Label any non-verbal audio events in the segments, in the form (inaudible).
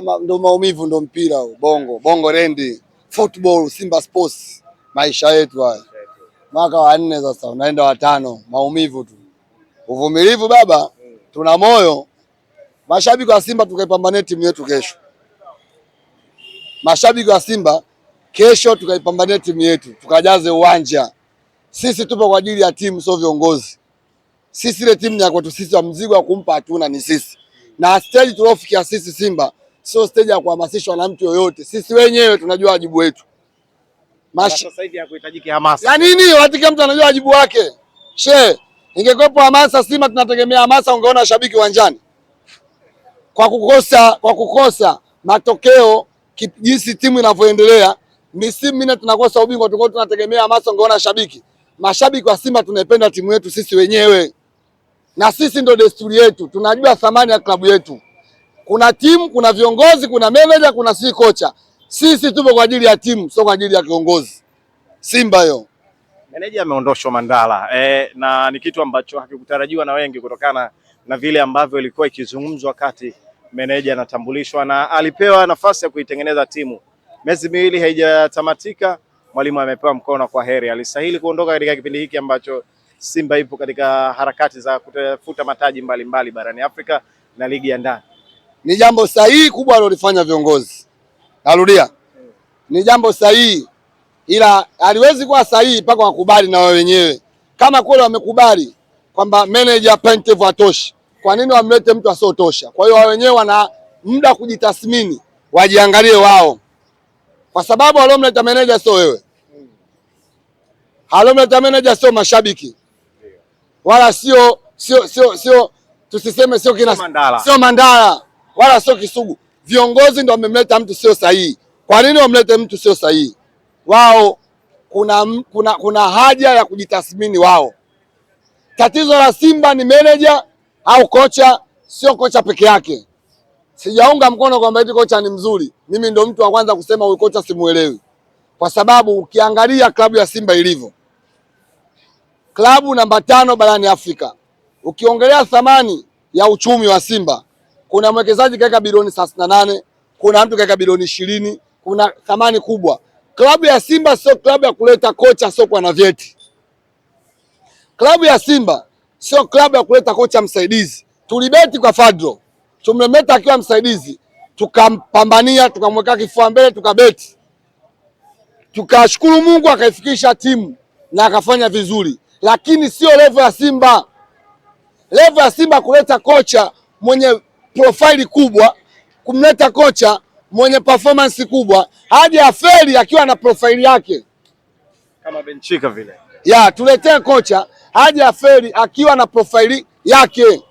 kama ndo maumivu ndo mpira huu bongo bongo rendi football Simba Sports maisha yetu haya. Mwaka wa nne sasa unaenda wa tano, maumivu tu, uvumilivu baba, tuna moyo. Mashabiki wa Simba tukaipambane timu yetu kesho, mashabiki wa Simba kesho tukaipambanie timu yetu, tukajaze uwanja. Sisi tupo kwa ajili ya timu, sio viongozi. Sisi ile timu ya kwetu sisi, wa mzigo wa kumpa hatuna, ni sisi na stage tuliofikia sisi Simba sio stage ya kuhamasishwa na mtu yoyote. Sisi wenyewe tunajua wajibu wetu. Mash... sasa hivi hakuhitajiki hamasa ya nini? mtu anajua wajibu wake. She, ingekwepo hamasa Simba tunategemea hamasa, ungeona washabiki uwanjani kwa kukosa, kwa kukosa matokeo jinsi timu inavyoendelea misimu minne tunakosa ubingwa, tulikuwa tunategemea hamasa, ungeona shabiki. Mashabiki wa Simba tunaipenda timu yetu sisi wenyewe, na sisi ndo desturi yetu, tunajua thamani ya klabu yetu kuna timu, kuna viongozi, kuna meneja, kuna si kocha. Sisi tupo kwa ajili ya timu, sio kwa ajili ya kiongozi. Simba hiyo. Meneja ameondoshwa Mandala e, na ni kitu ambacho hakikutarajiwa na wengi kutokana na vile ambavyo ilikuwa ikizungumzwa wakati meneja anatambulishwa na alipewa nafasi ya kuitengeneza timu. Miezi miwili haijatamatika, mwalimu amepewa mkono kwa heri. Alistahili kuondoka katika kipindi hiki ambacho Simba ipo katika harakati za kutafuta mataji mbalimbali mbali barani Afrika na ligi ya ndani ni jambo sahihi kubwa alilofanya viongozi. Narudia, ni jambo sahihi, ila haliwezi kuwa sahihi mpaka wakubali na wao wenyewe. Kama kweli wamekubali kwamba meneja Pantev atoshi, kwa nini wamlete mtu asiotosha? Kwa hiyo wao wenyewe wana muda kujitathmini, wajiangalie wao, kwa sababu waliomleta manager sio wewe, alomleta manager sio mashabiki, wala sio sio sio sio tusiseme sio kina sio Mandala, sio Mandala wala sio Kisugu. Viongozi ndio wamemleta mtu sio sahihi. Kwa nini wamlete mtu sio sahihi? Wao kuna, kuna, kuna haja ya kujitathmini wao. Tatizo la Simba ni meneja au kocha, sio kocha peke yake. Sijaunga mkono kwamba eti kocha ni mzuri. Mimi ndo mtu wa kwanza kusema huyu kocha simuelewi, kwa sababu ukiangalia klabu ya Simba ilivyo, klabu namba tano barani Afrika, ukiongelea thamani ya uchumi wa Simba kuna mwekezaji kaweka bilioni thelathini na nane, kuna mtu kaweka bilioni ishirini, kuna thamani kubwa. Klabu ya Simba sio klabu ya kuleta kocha sokwa na vyeti. Klabu ya Simba sio klabu ya kuleta kocha msaidizi. Tulibeti kwa Fadro, tumemeta akiwa msaidizi, tukampambania, tukamweka kifua mbele, tukabeti, tukashukuru Mungu akaifikisha timu na akafanya vizuri, lakini sio levo ya Simba. Levo ya Simba kuleta kocha mwenye profaili kubwa, kumleta kocha mwenye performance kubwa hadi aferi akiwa na profaili yake kama Benchika vile. Ya, tuletee kocha hadi aferi akiwa na profaili yake.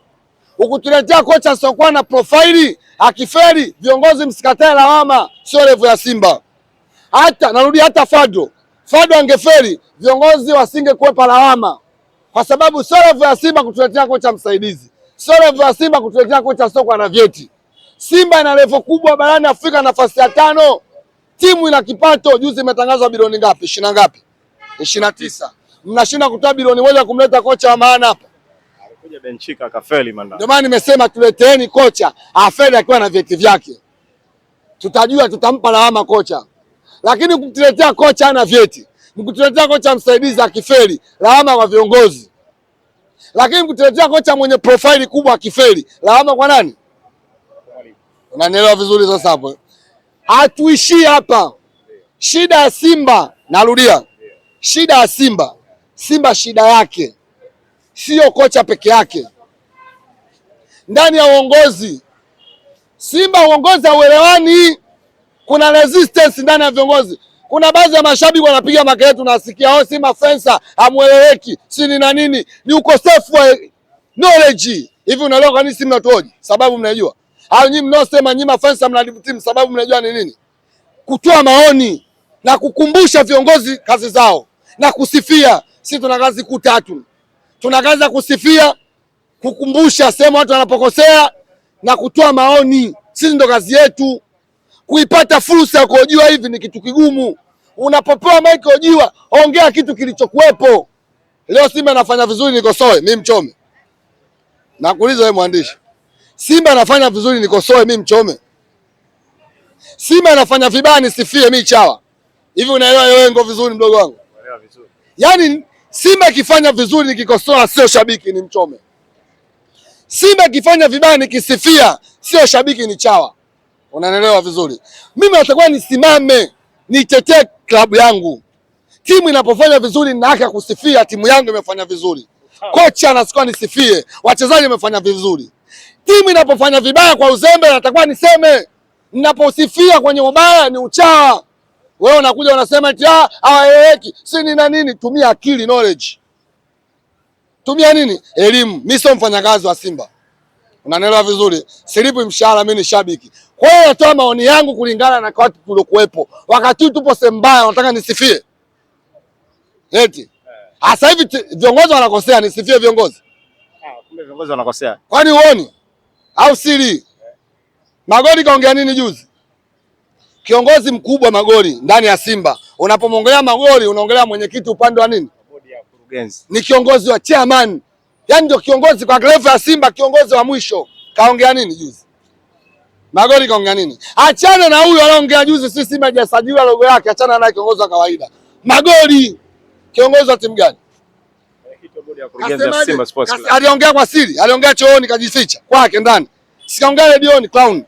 Ukutuletea kocha asiokuwa na profaili akiferi viongozi msikatae lawama, sio levu ya Simba. Hata narudi hata Fado Fado angeferi viongozi wasingekuwepa lawama, kwa sababu sio levu ya Simba kutuletea kocha msaidizi. Sio levo ya Simba kutuletea kocha soko na vyeti. Simba ina levo kubwa barani Afrika, nafasi ya tano. Timu ina kipato, juzi imetangazwa bilioni ngapi? Ishirini ngapi? Ishirini na tisa. Mnashinda kutoa bilioni moja kumleta kocha wa maana hapa. Alikuja Benchika akafeli maana. Ndio maana nimesema tuleteeni kocha afeli akiwa na vyeti vyake, tutajua tutampa lawama kocha, lakini kutuletea kocha ana vyeti, mkutuletea kocha msaidizi akifeli, lawama kwa viongozi lakini kutetea kocha mwenye profaili kubwa akifeli, lawama kwa nani? Unanielewa vizuri? Sasa hapo hatuishii hapa. Shida ya Simba, narudia, shida ya Simba, Simba shida yake siyo kocha peke yake, ndani ya uongozi Simba uongozi hauelewani, kuna resistance ndani ya viongozi. Kuna baadhi ya mashabiki wanapiga makelele, tunasikia wao oh, si mafensa, hamueleweki sini na nini, ni ukosefu wa knowledge. Hivi unaelewa kwa nini si mnatuoji? Sababu mnajua hao nyinyi mnaosema nyinyi mafensa mnaditimu, sababu mnajua ni nini? Kutoa maoni na kukumbusha viongozi kazi zao na kusifia. Si tuna kazi kuu tatu, tuna kazi ya kusifia, kukumbusha sehemu watu wanapokosea na kutoa maoni. Sisi ndo kazi yetu kuipata fursa ya kuhojiwa hivi ni kitu kigumu. Unapopewa maiki hojiwa, ongea kitu kilichokuwepo. Leo Simba anafanya vizuri, nikosoe mimi mchome? Nakuuliza wewe mwandishi, Simba anafanya vizuri, nikosoe mimi mchome? Simba anafanya vibaya, nisifie mi chawa? Hivi unaelewa yoengo vizuri, mdogo wangu? Yaani Simba ikifanya vizuri nikikosoa, sio shabiki, ni mchome. Simba ikifanya vibaya nikisifia, sio shabiki, ni chawa. Unanielewa vizuri. Mimi natakuwa nisimame nitetee klabu yangu. Timu inapofanya vizuri nina haki ya kusifia timu yangu imefanya vizuri. Kocha anatakiwa nisifie, wachezaji wamefanya vizuri. Timu inapofanya vibaya kwa uzembe natakuwa niseme. Ninaposifia kwenye ubaya ni uchawa. Wewe unakuja unasema eti ah, hawaeleweki. Si nina nini? Tumia akili knowledge. Tumia nini? Elimu. Mimi sio mfanyakazi wa Simba. Unanielewa vizuri. Silipi mshahara, mimi ni shabiki. Kwa hiyo natoa maoni yangu kulingana na watu tuliokuwepo wakati huu. Tupo sehemu mbaya, nataka nisifie eti sasa eh. hivi viongozi wanakosea, nisifie viongozi? Ah, kumbe viongozi wanakosea, kwani uoni au siri? Magori kaongea nini juzi? Kiongozi mkubwa Magori ndani ya Simba, unapomwongelea Magori unaongelea mwenyekiti upande wa nini, ni kiongozi wa chairman, yaani ndio kiongozi kwa grefu ya Simba, kiongozi wa mwisho. Kaongea nini juzi? Magoli kaongea nini? Achana na huyo anaongea juzi, sisi Simba hajasajiliwa logo yake, achana naye, kiongozi wa kawaida. Magoli kiongozi wa timu gani? Aliongea kwa siri, aliongea chooni, kajificha kwake ndani, sikaongea redioni, clown,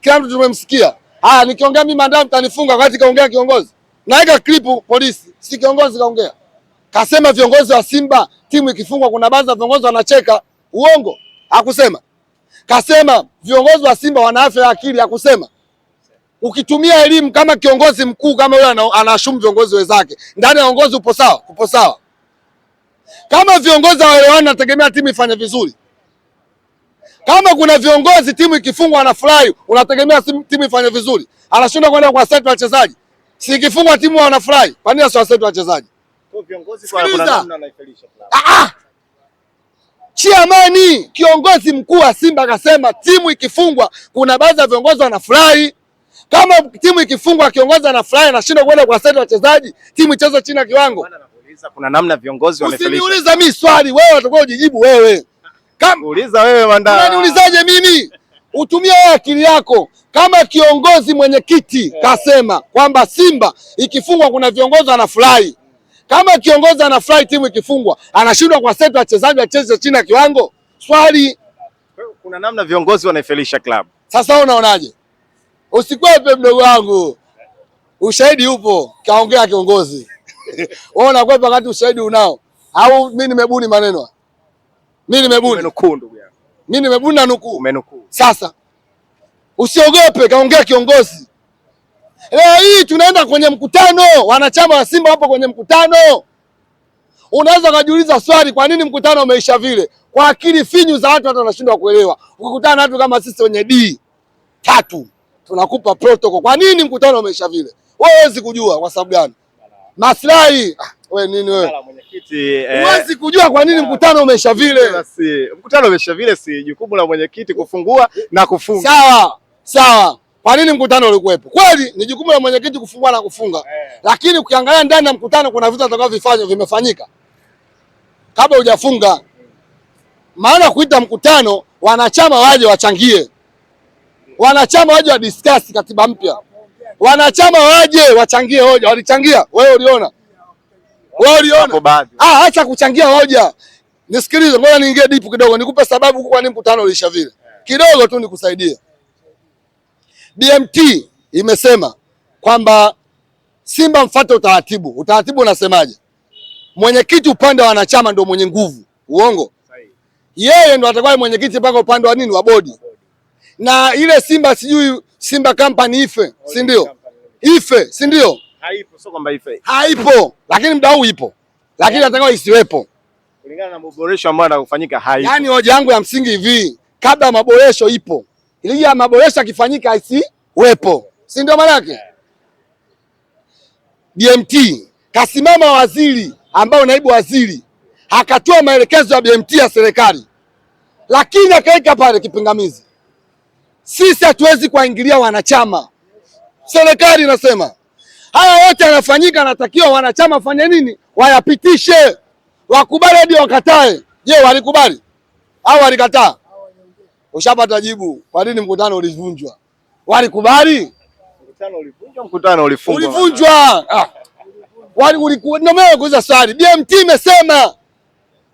kila mtu tumemsikia. Haya, nikiongea mimi mandao mtanifunga, wakati kaongea kiongozi. Naweka klipu polisi, si kiongozi kaongea, kasema viongozi wa Simba timu ikifungwa kuna baadhi ya viongozi wanacheka. Uongo hakusema. Kasema viongozi wa Simba wana afya ya akili ya kusema. Ukitumia elimu kama kiongozi mkuu kama yule anashumu viongozi wenzake, ndani ya uongozi upo sawa, upo sawa. Kama viongozi hawaelewani, nategemea timu ifanye vizuri. Kama kuna viongozi timu ikifungwa anafurahi, unategemea timu ifanye vizuri. Anashinda kwenda kwa seti wachezaji. Si ikifungwa timu wanafurahi. Kwa nini asiwaseti wachezaji? Kwa viongozi kwa kuna namna anaifelisha. Ah, ah! Chiamani kiongozi mkuu wa Simba akasema timu ikifungwa, kuna baadhi ya viongozi wanafurahi. Kama timu ikifungwa kiongozi anafurahi, anashindwa kwenda kwa seti wachezaji, timu icheze chini ya kiwango. Kuna namna viongozi wamefelisha. Usiniuliza mimi swali, wewe utakuwa ujijibu wewe. Kama uliza wewe Mandaa. Unaniulizaje mimi? Utumie wewe akili yako. Kama kiongozi mwenyekiti eh. kasema kwamba Simba ikifungwa kuna viongozi wanafurahi kama kiongozi anafurahi timu ikifungwa, anashindwa kwa seti wachezaji wacheze chini ya kiwango swali. Kuna namna viongozi wanaifelisha klabu. Sasa unaonaje? Usikwepe mdogo wangu, ushahidi upo, kaongea kiongozi (laughs) wewe unakwepa wakati ushahidi unao, au mimi nimebuni maneno? Mimi nimebuni nukuu, ndugu yangu, mimi nimebuni na nukuu. Sasa usiogope, kaongea kiongozi. Leo hii tunaenda kwenye mkutano, wanachama wa Simba wapo kwenye mkutano. Unaweza ukajiuliza swali, kwa nini mkutano umeisha vile? Kwa akili finyu za watu, watu wanashindwa kuelewa. Ukikutana na watu kama sisi wenye D tatu tunakupa protocol. Kwa nini mkutano umeisha vile? Wewe huwezi kujua kwa sababu gani? Maslahi ah, we nini wewe? Eh, huwezi eh, kujua kwa nini mkutano umeisha vile. Si mkutano umeisha vile, si jukumu la mwenyekiti kufungua na kufunga. Sawa sawa. Kwa nini mkutano ulikuwepo? Kweli ni jukumu la mwenyekiti kufungua na kufunga. eh, Lakini ukiangalia ndani ya mkutano kuna vitu vitakavyofanywa vimefanyika. Kabla hujafunga. Maana kuita mkutano wanachama waje wachangie. Wanachama waje wa discuss katiba mpya. Wanachama waje wachangie hoja. Walichangia, wewe uliona? Wewe uliona? Ah, acha kuchangia hoja. Nisikilize, ngoja niingie deep kidogo nikupe sababu kwa nini mkutano ulisha vile. Eh. Kidogo tu nikusaidie. BMT imesema kwamba Simba mfate utaratibu. Utaratibu unasemaje? Mwenyekiti upande wa wanachama ndio mwenye nguvu, uongo? Yeye ndo atakuwa mwenyekiti mpaka upande wa nini, wa bodi na ile Simba sijui Simba Company ife, si ndio? Ife, si ndio? Haipo, sio kwamba ife. Haipo, lakini mdau ipo. Lakini atakao isiwepo. Kulingana na maboresho ambayo yanafanyika haipo. Yaani hoja yangu ya msingi hivi, kabla maboresho ipo ili ya maboresho akifanyika isiwepo, si ndio? yake BMT kasimama waziri ambao naibu waziri akatoa maelekezo ya BMT ya serikali, lakini akaweka pale kipingamizi, sisi hatuwezi kuwaingilia wanachama. Serikali inasema haya yote yanafanyika, anatakiwa wanachama fanye nini? Wayapitishe, wakubali hadi wakatae. Je, walikubali au walikataa? ushapata jibu. Kwa nini mkutano ulivunjwa? Walikubali mkutano ulivunjwa, mkutano ulifungwa, ulivunjwa. Ah, wali ulikuwa ndio mimi kuuliza swali. BMT imesema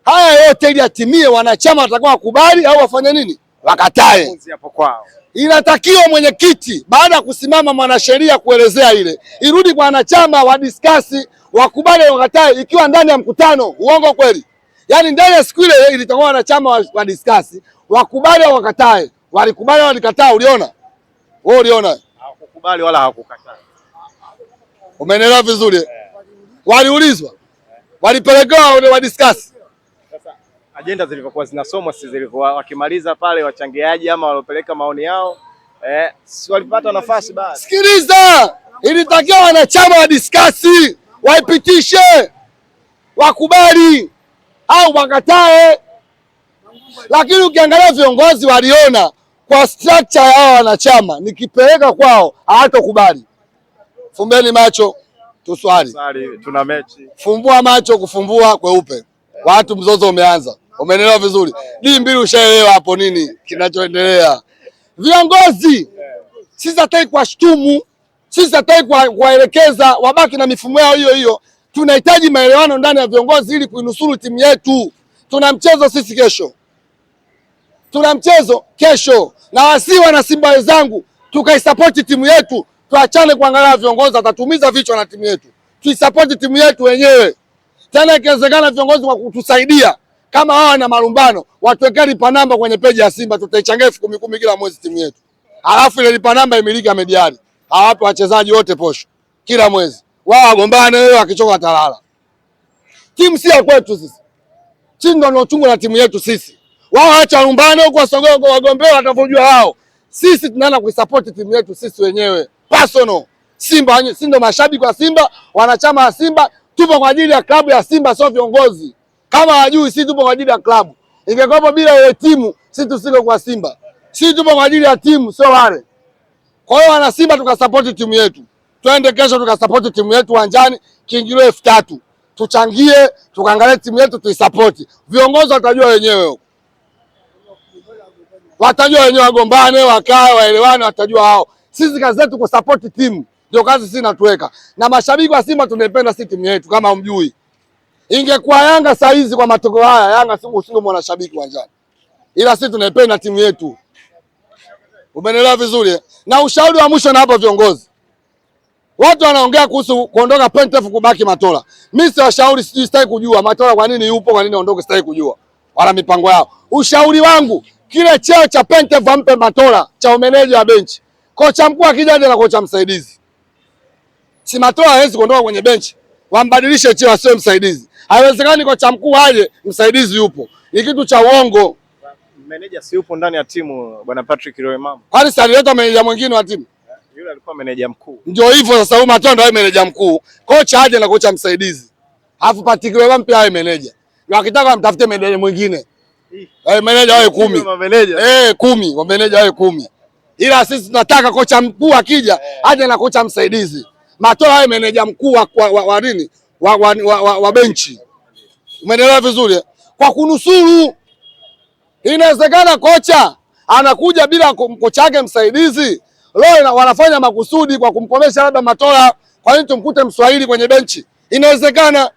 haya yote ili atimie, wanachama watakuwa wakubali au wafanye nini, wakatae. Inatakiwa mwenyekiti baada ya kusimama mwanasheria kuelezea ile, irudi kwa wanachama wadiskasi, wakubali au wakatae, ikiwa ndani ya mkutano. Uongo kweli? Yaani ndani ya siku ile eh, ilitakuwa wanachama wadiskasi wakubali au wakatae. Walikubali au walikataa? Uliona wewe, uliona? Hawakukubali wala hawakukataa. Umeelewa vizuri yeah. Waliulizwa eh, walipelekewa wa discuss. Sasa ajenda zilivyokuwa zinasomwa, si zilivyokuwa wakimaliza pale wachangiaji ama waliopeleka maoni yao eh, si walipata nafasi basi. Sikiliza, ilitakiwa wanachama wa discuss, waipitishe, wakubali au wakatae. Lakini ukiangalia viongozi waliona kwa structure ya wanachama, nikipeleka kwao hawatokubali. Fumbeni macho tuswali, tuna mechi. Fumbua macho, kufumbua kweupe, watu mzozo umeanza. Umeelewa vizuri dii mbili, ushaelewa hapo nini kinachoendelea. Viongozi sisi hatai kuwashtumu, sisi hataki kuwaelekeza, wabaki na mifumo yao hiyo hiyo. Tunahitaji maelewano ndani ya viongozi ili kuinusuru timu yetu. Tuna mchezo sisi kesho tuna mchezo kesho, na wasi wana Simba wenzangu, tukaisapoti timu yetu, tuachane kuangalia viongozi atatumiza vichwa na timu yetu, tuisapoti timu yetu wenyewe. Tena ikiwezekana viongozi wa kutusaidia, kama hawa na malumbano, watuwekee lipa namba kwenye peji ya Simba, tutaichangia elfu kumi kumi kila mwezi timu yetu, alafu ile lipa namba imiliki ya mediani, hawape wachezaji wote posho kila mwezi, wao wagombane, wewe akichoka atalala. Timu si ya kwetu sisi, chini ndo uchungu na timu yetu sisi wao, acha lumbane huko, wasogee kwa wagombea watavyojua wao. Sisi tunaenda kuisupport timu yetu sisi wenyewe personal. Simba si ndo mashabiki wa Simba, wanachama wa Simba, tupo kwa ajili ya klabu ya Simba, sio viongozi. Kama hawajui, sisi tupo kwa ajili ya klabu. Ingekuwa bila ile timu, sisi tusiko kwa Simba. Sisi tupo kwa ajili ya timu, sio wale. Kwa hiyo wana Simba, tukasupport timu yetu, twende kesho tukasupport timu yetu uwanjani kiingilio elfu tatu tuchangie, tukaangalie timu yetu tuisupport. Viongozi watajua wenyewe watajua wenyewe, wagombane, wakae, waelewane, watajua hao. Sisi kazi zetu kusapoti timu, ndio kazi sisi natuweka, na mashabiki wa Simba tunaipenda si timu yetu, kama mjui. Ingekuwa Yanga saa hizi kwa matokeo haya, Yanga si mwana shabiki uwanjani, ila sisi tunaipenda timu yetu. Umenielewa vizuri? Eh? Na ushauri wa mwisho na hapo, viongozi watu wanaongea kuhusu kuondoka Pantev kubaki Matola. Mimi washauri, sijui sitaki kujua Matola kwa nini yupo, kwa nini aondoke, sitaki kujua, wana mipango yao. Ushauri wangu Kile cheo cha Pente Vampe Matola cha umeneja wa benchi, kocha mkuu akija na kocha msaidizi, si Matola hawezi kuondoka kwenye benchi, wambadilishe cheo asiwe msaidizi. Haiwezekani kocha mkuu aje msaidizi yupo, ni kitu cha uongo. Meneja si yupo ndani ya timu bwana Patrick Roy Mama, kwani salileta meneja mwingine wa timu eh, yule alikuwa meneja mkuu, ndio hivyo sasa. Huyu Matola ndio meneja mkuu, kocha aje na kocha msaidizi, alafu Patrick Roy Mama pia awe meneja, wakitaka wamtafute meneja mwingine. Eh, meneja wawe kumi, eh, kumi meneja wawe kumi, ila sisi tunataka kocha mkuu akija eh. aje na kocha msaidizi. Matoa awe meneja mkuu wa nini wa, wa, wa, wa, wa benchi. Umeelewa vizuri? Kwa kunusuru, inawezekana kocha anakuja bila kocha wake msaidizi. Leo wanafanya makusudi kwa kumkomesha labda Matola. Kwa nini tumkute Mswahili kwenye benchi? Inawezekana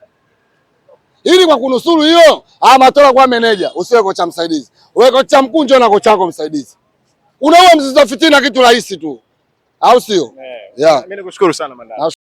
ili kwa kunusuru hiyo amatola ah, kwa meneja, usiwe kocha msaidizi. Wewe kocha mkuu ndio na kocha wako msaidizi, unaua mzizi wa fitina, kitu rahisi tu, au sio? Yeah. Mimi nikushukuru sana Mandala.